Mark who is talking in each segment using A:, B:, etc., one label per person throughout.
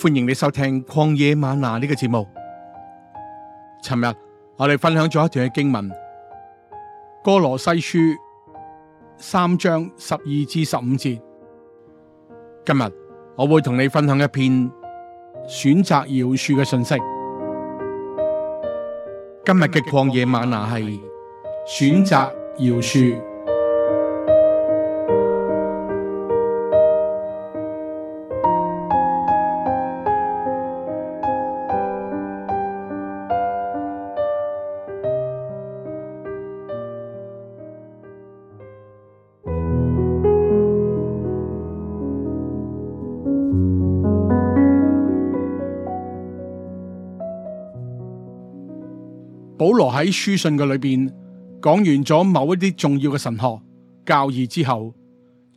A: 歡迎你收聽曠野嗎哪呢個節目。尋日我哋分享咗一段嘅經文，歌羅西書三章十二至十五節。今日我會同你分享一篇選擇饒恕嘅信息。今日嘅曠野嗎哪係選擇饒恕。喺書信嘅裏邊講完咗某一啲重要嘅神學教義之後，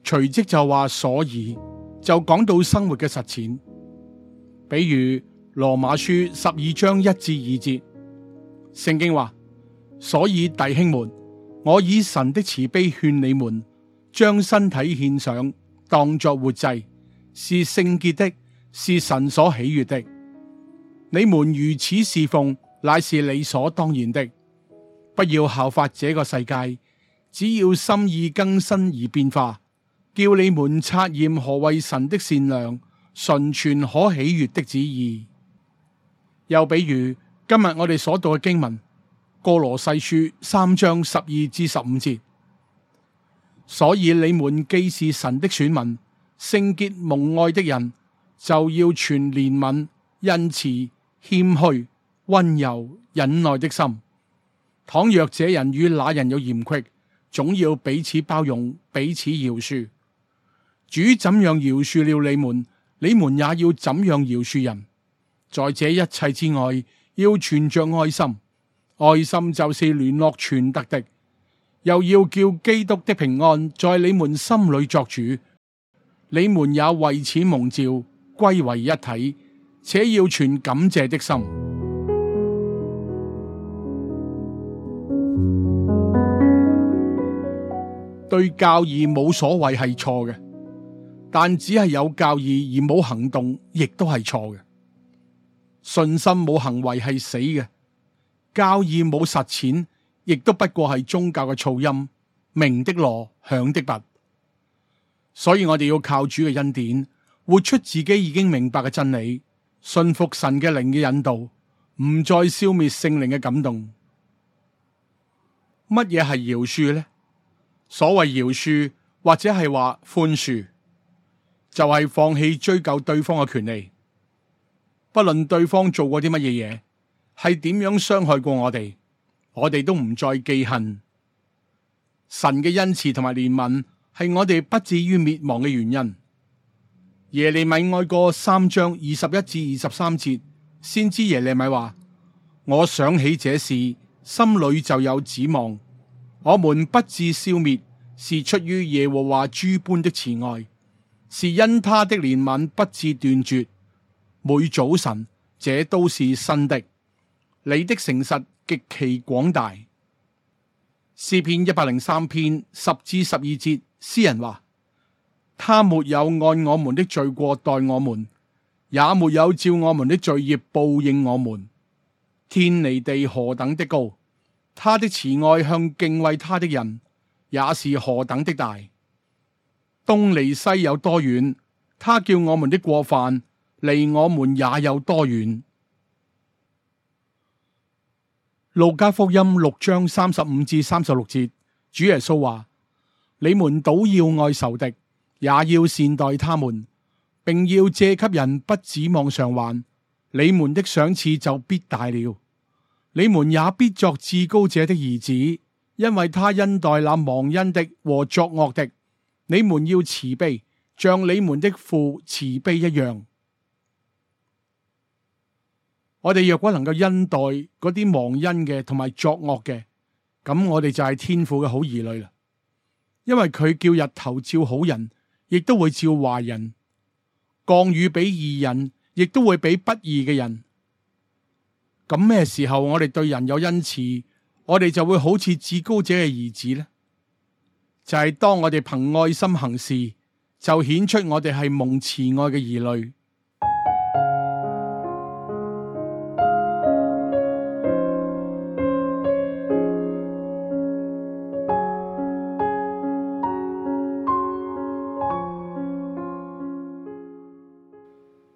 A: 隨即就話所以就講到生活嘅實踐，比如羅馬書十二章一至二節，聖經話：所以弟兄們，我以神的慈悲勸你們，將身體獻上，當作活祭，是聖潔的，是神所喜悦的。你們如此侍奉。乃是理所當然的，不要效法這個世界，只要心意更新而變化，叫你們察驗何為神的善良、純全、可喜悅的旨意。又比如今日我哋所讀嘅經文《歌羅西書》三章十二至十五節，所以你們既是神的選民，聖潔蒙愛的人，就要存憐憫、恩慈、謙虛，溫柔忍耐的心。倘若這人與那人有嫌隙，總要彼此包容，彼此饒恕。主怎樣饒恕了你們，你們也要怎樣饒恕人。在這一切之外，要存着愛心，愛心就是聯絡全德的。又要叫基督的平安在你們心裏作主。你們也為此蒙召，歸為一體，且要存感謝的心。對教義冇所謂係錯嘅。但只係有教義而冇行動，亦都係錯嘅。信心冇行為係死嘅，教義冇實踐，亦都不過係宗教嘅噪音，鳴的鑼響的鈸，所以我哋要靠主嘅恩典，活出自己已經明白嘅真理，信服神嘅靈嘅引導，唔再消滅聖靈嘅感動。乜嘢係饒恕呢？所謂饒恕或者係話寬恕，就係、是、放棄追究對方嘅權利，不論對方做過啲乜嘢嘢，係點樣傷害過我哋，我哋都唔再記恨。神嘅恩慈同埋憐憫係我哋不至於滅亡嘅原因。耶利米哀歌三章二十一至二十三節，先知耶利米話：我想起這事，心裏就有指望。我們不致消滅，是出於耶和華諸般的慈愛，是因他的憐憫不致斷絕。每早晨，這都是新的。你的誠實極其廣大。詩篇一百零三篇十至十二節，詩人話：他沒有按我們的罪過待我們，也沒有照我們的罪孽報應我們。天離地何等的高！他的慈愛向敬畏他的人，也是何等的大。東離西有多遠，他叫我們的過犯離我們也有多遠。路加福音六章三十五至三十六節，主耶穌話：你們倒要愛仇敵，也要善待他們，並要借給人，不指望償還，你們的賞賜就必大了。你們也必作至高者的兒子，因為他恩待那忘恩的和作惡的。你們要慈悲，像你們的父慈悲一樣。我哋若果能夠恩待嗰啲忘恩嘅同埋作惡嘅，咁我哋就係天父嘅好兒女啦。因為佢叫日頭照好人，亦都會照壞人；降雨俾義人，亦都會俾不義嘅人。咁咩時候我哋對人有恩慈，我哋就會好似至高者嘅兒子咧？就係、是、當我哋憑愛心行事，就顯出我哋係蒙慈愛嘅兒女。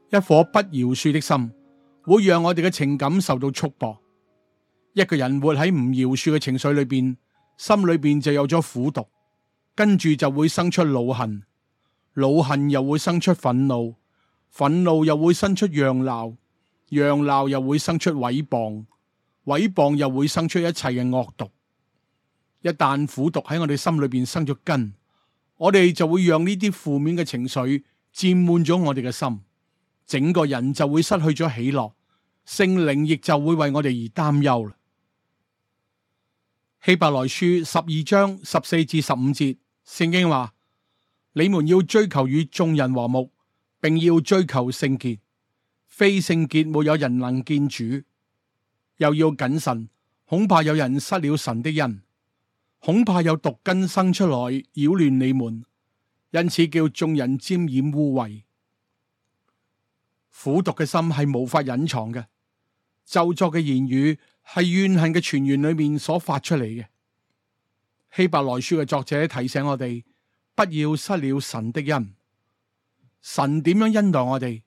A: 一顆不饒恕的心，會讓我哋嘅情感受到束縛。一個人活喺唔饒恕嘅情緒裏邊，心裏邊就有咗苦毒，跟住就會生出惱恨，惱恨又會生出憤怒，憤怒又會生出嚷鬧，嚷鬧又會生出毀謗，毀謗又會生出一切嘅惡毒。一旦苦毒喺我哋心裏邊生咗根，我哋就會讓呢啲負面嘅情緒佔滿咗我哋嘅心，整個人就會失去咗喜樂。聖靈亦就會為我哋而擔憂啦。希伯來書十二章十四至十五節，聖經話：你們要追求與眾人和睦，並要追求聖潔，非聖潔沒有人能見主。又要謹慎，恐怕有人失了神的恩，恐怕有毒根生出來擾亂你們，因此叫眾人沾染污穢，苦毒嘅心係無法隱藏嘅。就作嘅言語係怨恨嘅傳言裏面所發出嚟嘅。希伯來書嘅作者提醒我哋，不要失了神的恩。神點樣恩待我哋，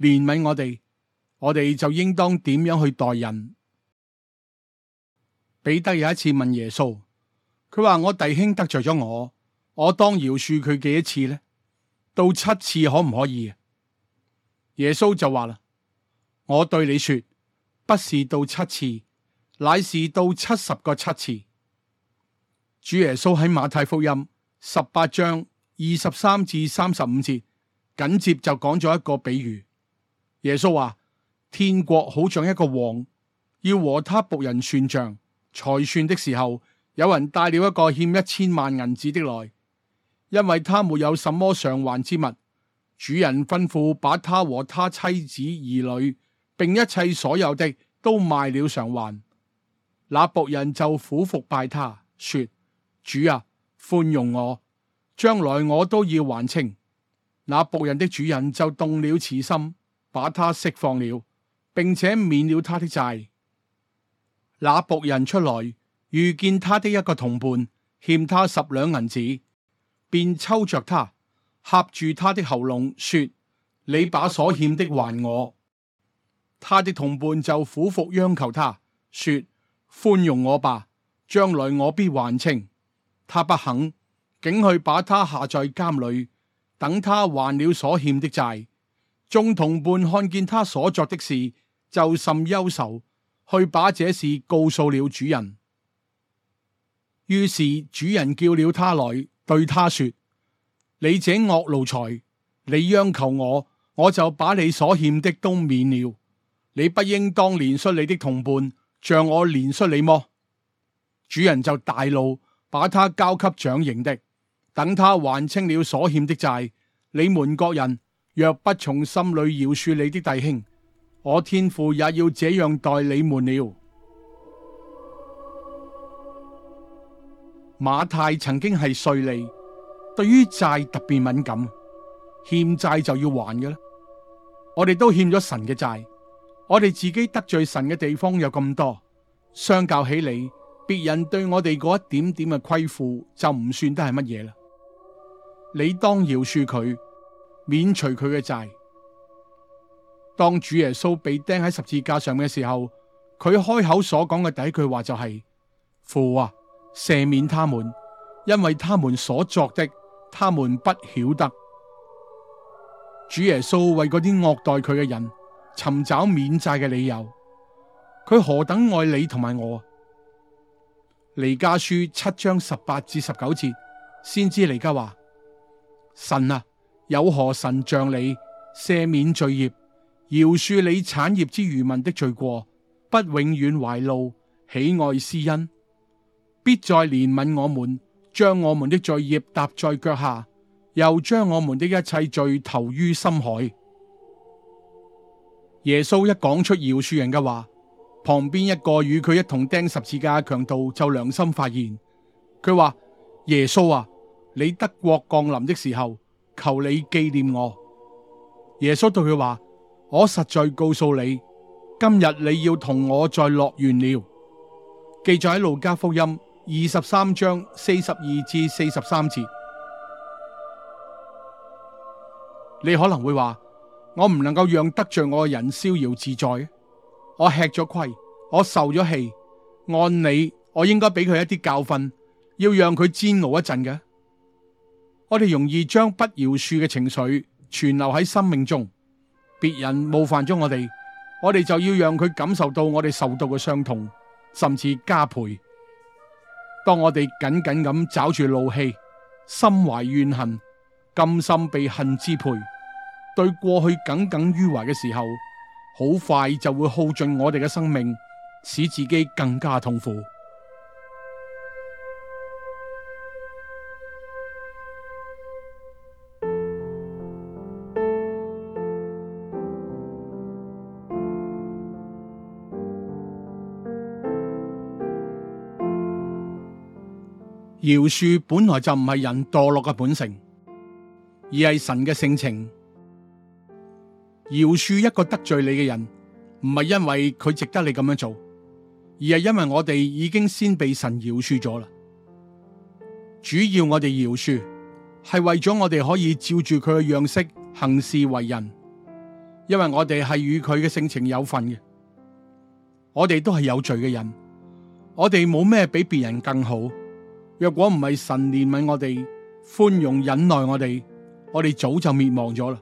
A: 憐憫我哋，我哋就應當點樣去待人。彼得有一次問耶穌，佢話我弟兄得罪咗我，我當饒恕佢幾多次呢？到七次可唔可以？耶穌就話啦，我對你說。不是到七次，乃是到七十個七次。主耶穌喺馬太福音十八章二十三至三十五節緊接就講咗一個比喻。耶穌話：天國好像一個王，要和他僕人算賬。才算的時候，有人帶了一個欠一千萬銀子的來，因為他沒有什麼償還之物。主人吩咐把他和他妻子兒女。並一切所有的都賣了償還，那僕人就俯伏拜他，說：主啊，寬容我，將來我都要還清。那僕人的主人就動了慈心，把他釋放了，並且免了他的債。那僕人出來遇見他的一個同伴欠他十兩銀子，便抽着他，合住他的喉嚨，說：你把所欠的還我。他的同伴就俯伏央求他說：寬容我吧，將來我必還清。他不肯，竟去把他下在監裏，等他還了所欠的債。眾同伴看見他所作的事，就甚憂愁，愁，去把這事告訴了主人。於是主人叫了他來，對他說：你這惡奴才，你央求我，我就把你所欠的都免了。你不應當憐恤你的同伴，像我憐恤你麼？主人就大怒，把他交給掌刑的，等他還清了所欠的債。你們各人若不從心裏饒恕你的弟兄，我天父也要這樣待你們了。馬太曾經係稅吏，對於債特別敏感，欠債就要還嘅啦。我哋都欠咗神嘅債。我哋自己得罪神嘅地方有咁多，相較起嚟，別人對我哋嗰一點點嘅虧負就唔算得係乜嘢啦。你當饒恕佢，免除佢嘅債。當主耶穌被釘喺十字架上嘅時候，佢開口所講嘅第一句話就係、是：父啊，赦免他們，因為他們所作的，他們不曉得。主耶穌為嗰啲惡待佢嘅人。尋找免債嘅理由，佢何等愛你同埋我啊！彌迦書七章十八至十九節，先知彌迦話：神啊，有何神像你赦免罪孽，饒恕你產業之愚民的罪過，不永遠懷怒，喜愛施恩，必再憐憫我們，將我們的罪孽踏在腳下，又將我們的一切罪投於深海。耶穌一講出饒恕人嘅話，旁邊一個與佢一同釘十字架嘅強盜就良心發現，佢話：耶穌啊，你得國降臨的時候，求你紀念我。耶穌對佢話：我實在告訴你，今日你要同我在樂園了。記載喺路加福音二十三章四十二至四十三節。你可能會話。我唔能夠讓得罪我嘅人逍遙自在，我吃咗虧，我受咗氣，按理我應該俾佢一啲教訓，要讓佢煎熬一陣嘅。我哋容易將不饒恕嘅情緒存留喺生命中，別人冒犯咗我哋，我哋就要讓佢感受到我哋受到嘅傷痛，甚至加倍。當我哋緊緊咁抓住怒氣，心懷怨恨，甘心被恨支配。對過去耿耿於懷嘅時候，好快就會耗盡我哋嘅生命，使自己更加痛苦。饒 恕本來就唔係人墮落嘅本性，而係神嘅性情。饒恕一個得罪你嘅人，唔係因為佢值得你咁樣做，而係因為我哋已經先被神饒恕咗啦。主要我哋饒恕係為咗我哋可以照住佢嘅樣式行事為人，因為我哋係與佢嘅性情有份嘅。我哋都係有罪嘅人，我哋冇咩比別人更好。若果唔係神憐憫我哋、寬容忍耐我哋，我哋早就滅亡咗啦。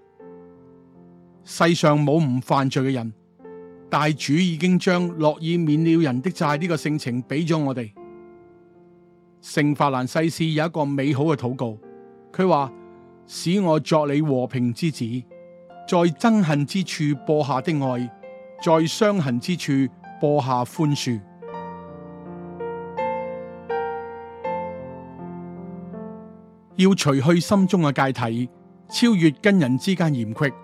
A: 世上冇唔犯罪嘅人，大主已經將樂意免了人的債呢個性情俾咗我哋。聖法蘭西斯有一個美好嘅禱告，佢話：使我作你和平之子，在憎恨之處播下的愛，在傷痕之處播下寬恕，要除去心中嘅芥蒂，超越跟人之間嫌隙。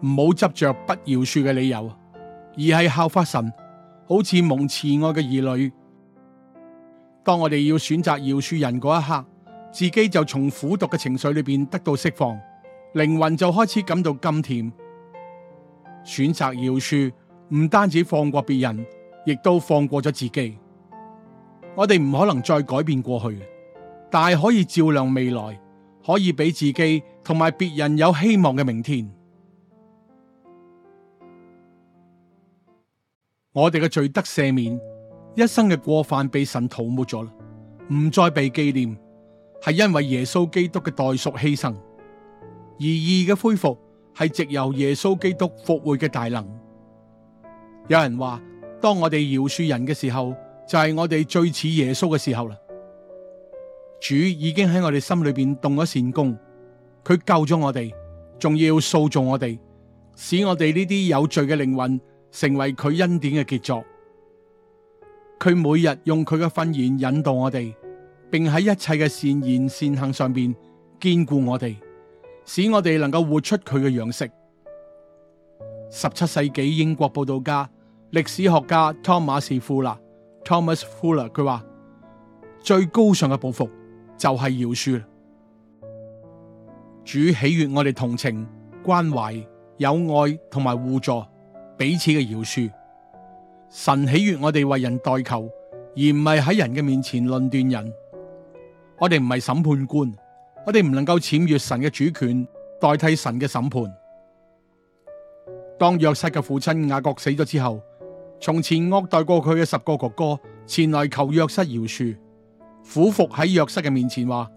A: 唔好執着不饒恕嘅理由，而係效法神，好似蒙慈愛嘅兒女。當我哋要選擇饒恕人嗰一刻，自己就從苦毒嘅情緒裏邊得到釋放，靈魂就開始感到甘甜。選擇饒恕，唔單止放過別人，亦都放過咗自己。我哋唔可能再改變過去，但係可以照亮未來，可以俾自己同埋別人有希望嘅明天。我哋嘅罪得赦免，一生嘅過犯被神塗抹咗啦，唔再被紀念，係因為耶穌基督嘅代贖犧牲；而義嘅恢復係藉由耶穌基督復活嘅大能。有人話：當我哋饒恕人嘅時候，就係、是、我哋最似耶穌嘅時候啦。主已經喺我哋心裏邊動咗善工，佢救咗我哋，仲要塑造我哋，使我哋呢啲有罪嘅靈魂。成為佢恩典嘅傑作，佢每日用佢嘅訓言引導我哋，並喺一切嘅善言善行上邊堅固我哋，使我哋能夠活出佢嘅樣式。十七世紀英國報導家、歷史學家托馬斯富勒 （Thomas Fuller） 佢話：最高尚嘅報復就係饒恕。主喜悦我哋同情、關懷、友愛同埋互助。彼此嘅饒恕，神喜悦我哋為人代求，而唔係喺人嘅面前論斷人。我哋唔係審判官，我哋唔能夠僭越神嘅主權，代替神嘅審判。當約瑟嘅父親雅各死咗之後，從前惡待過佢嘅十個哥哥，前來求約瑟饒恕，俯伏喺約瑟嘅面前話：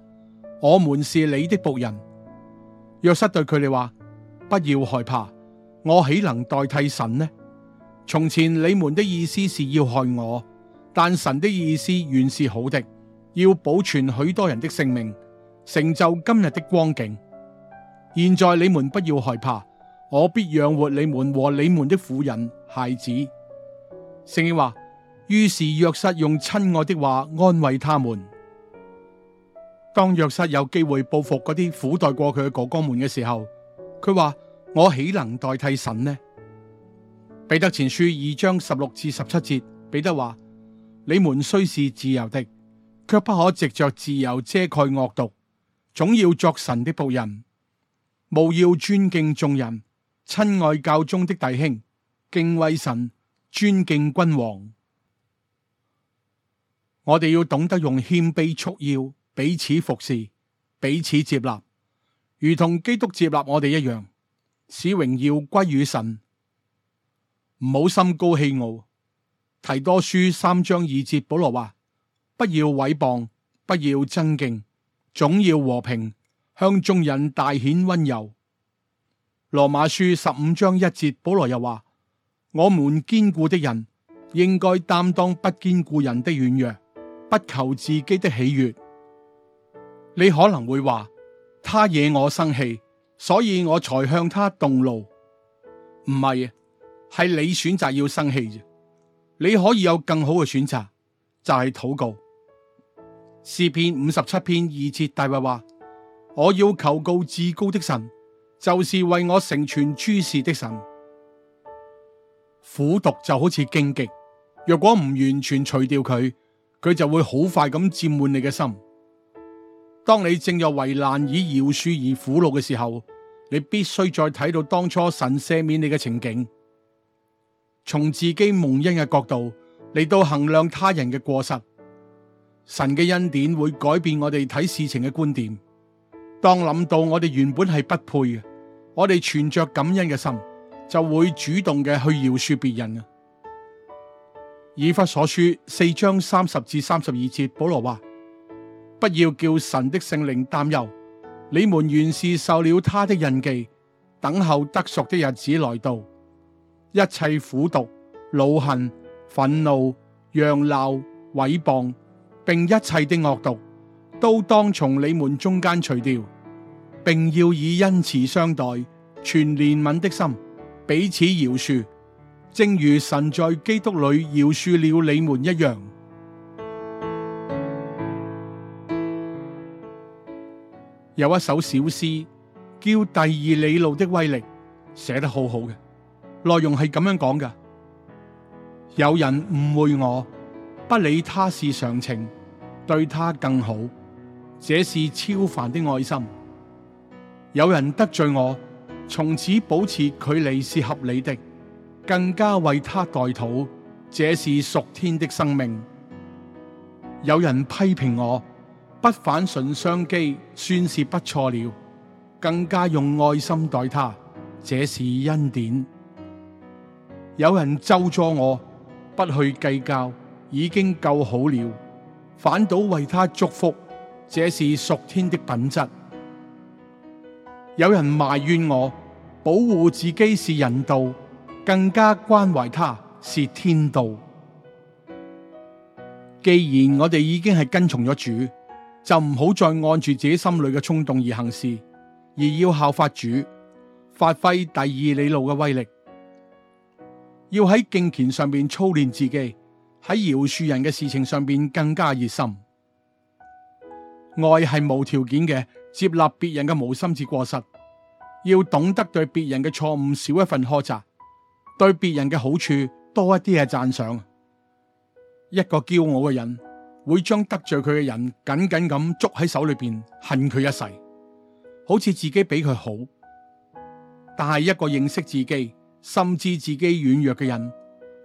A: 我們是你的僕人。約瑟對佢哋話：不要害怕。我豈能代替神呢？從前你們的意思是要害我，但神的意思原是好的，要保存許多人的性命，成就今日的光景。現在你們不要害怕，我必養活你們和你們的婦人孩子。聖經話，於是約瑟用親愛的話安慰他們。當約瑟有機會報復嗰啲苦待過佢嘅哥哥們嘅時候，佢話。我豈能代替神呢？彼得前書二章十六至十七節，彼得話：你們雖是自由的，卻不可藉着自由遮蓋惡毒，總要作神的僕人，務要尊敬眾人，親愛教中的弟兄，敬畏神，尊敬君王。我哋要懂得用謙卑、束腰彼此服侍，彼此接納，如同基督接納我哋一樣。使榮耀歸於神，唔好心高氣傲。提多書三章二節，保羅話： 不要毀謗，不要爭競，總要和平，向眾人大顯温柔。羅馬書十五章一節，保羅又話：我們堅固的人，應該擔當不堅固人的軟弱，不求自己的喜悦。你可能會話：他惹我生氣。所以我才向他動怒，唔係啊，係你選擇要生氣啫。你可以有更好嘅選擇，就係禱告。詩篇五十七篇二節大衛話：我要求告至高的神，就是為我成全諸事的神。苦毒就好似荊棘，若果唔完全除掉佢，佢就會好快咁占滿你嘅心。當你正有為難以饒恕而苦惱嘅時候，你必須再睇到當初神赦免你嘅情景，從自己蒙恩嘅角度嚟到衡量他人嘅過失，神嘅恩典會改變我哋睇事情嘅觀點。當諗到我哋原本係不配嘅，我哋存着感恩嘅心，就會主動嘅去饒恕別人嘅。以弗所書四章三十至三十二節，保羅話：不要叫神的聖靈擔憂。你們原是受了他的印記，等候得贖的日子來到，一切苦毒、惱恨、憤怒、揚鬧、毀謗，並一切的惡毒，都當從你們中間除掉，並要以恩慈相待，全憐憫的心彼此饒恕，正如神在基督裏饒恕了你們一樣。有一首小詩叫《第二里路的威力》，寫得好好嘅，內容係咁樣講嘅：有人誤會我，不理他是常情，對他更好，這是超凡的愛心；有人得罪我，從此保持距離是合理的，更加為他代禱，這是屬天的生命；有人批評我。不反唇相譏算是不錯了，更加用愛心待他，這是恩典。有人咒詛我，不去計較已經夠好了，反倒為他祝福，這是屬天的品質。有人埋怨我，保護自己是人道，更加關懷他是天道。既然我哋已經係跟從咗主。就唔好再按住自己心裏嘅衝動而行事，而要效法主，發揮第二里路嘅威力，要喺敬虔上邊操練自己，喺饒恕人嘅事情上邊更加熱心。愛係無條件嘅接納別人嘅無心之過失，要懂得對別人嘅錯誤少一份苛責，對別人嘅好處多一啲嘅讚賞。一個驕傲嘅人。會將得罪佢嘅人緊緊咁捉喺手裏邊，恨佢一世，好似自己比佢好。但係一個認識自己、深知自己軟弱嘅人，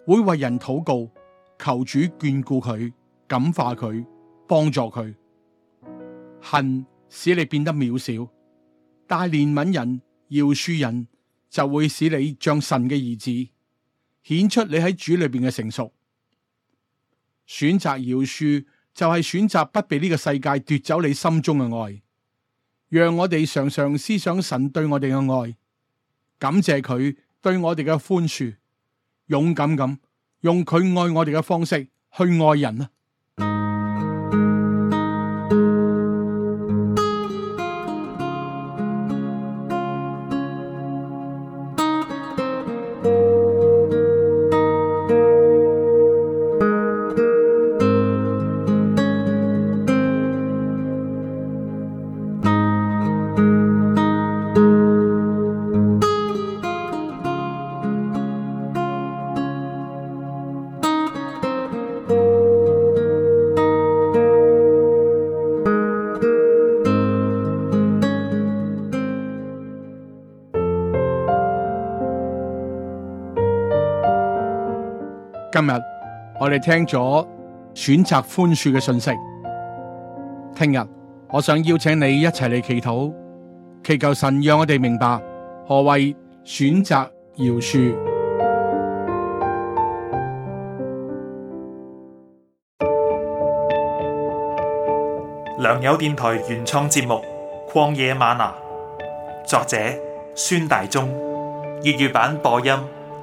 A: 會為人禱告，求主眷顧佢、感化佢、幫助佢。恨使你變得渺小，但憐憫人、饒恕人，就會使你像神嘅兒子，顯出你喺主裏邊嘅成熟。選擇饒恕。就係選擇不被呢個世界奪走你心中嘅愛，讓我哋常常思想神對我哋嘅愛，感謝佢對我哋嘅寬恕，勇敢咁用佢愛我哋嘅方式去愛人係聽咗選擇寬恕嘅信息，聽日我想邀請你一齊嚟祈禱，祈求神讓我哋明白何謂選擇饒恕。良友電台原創節目《曠野嗎哪》，作者孫大中，粵語版播音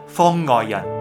A: 方外人。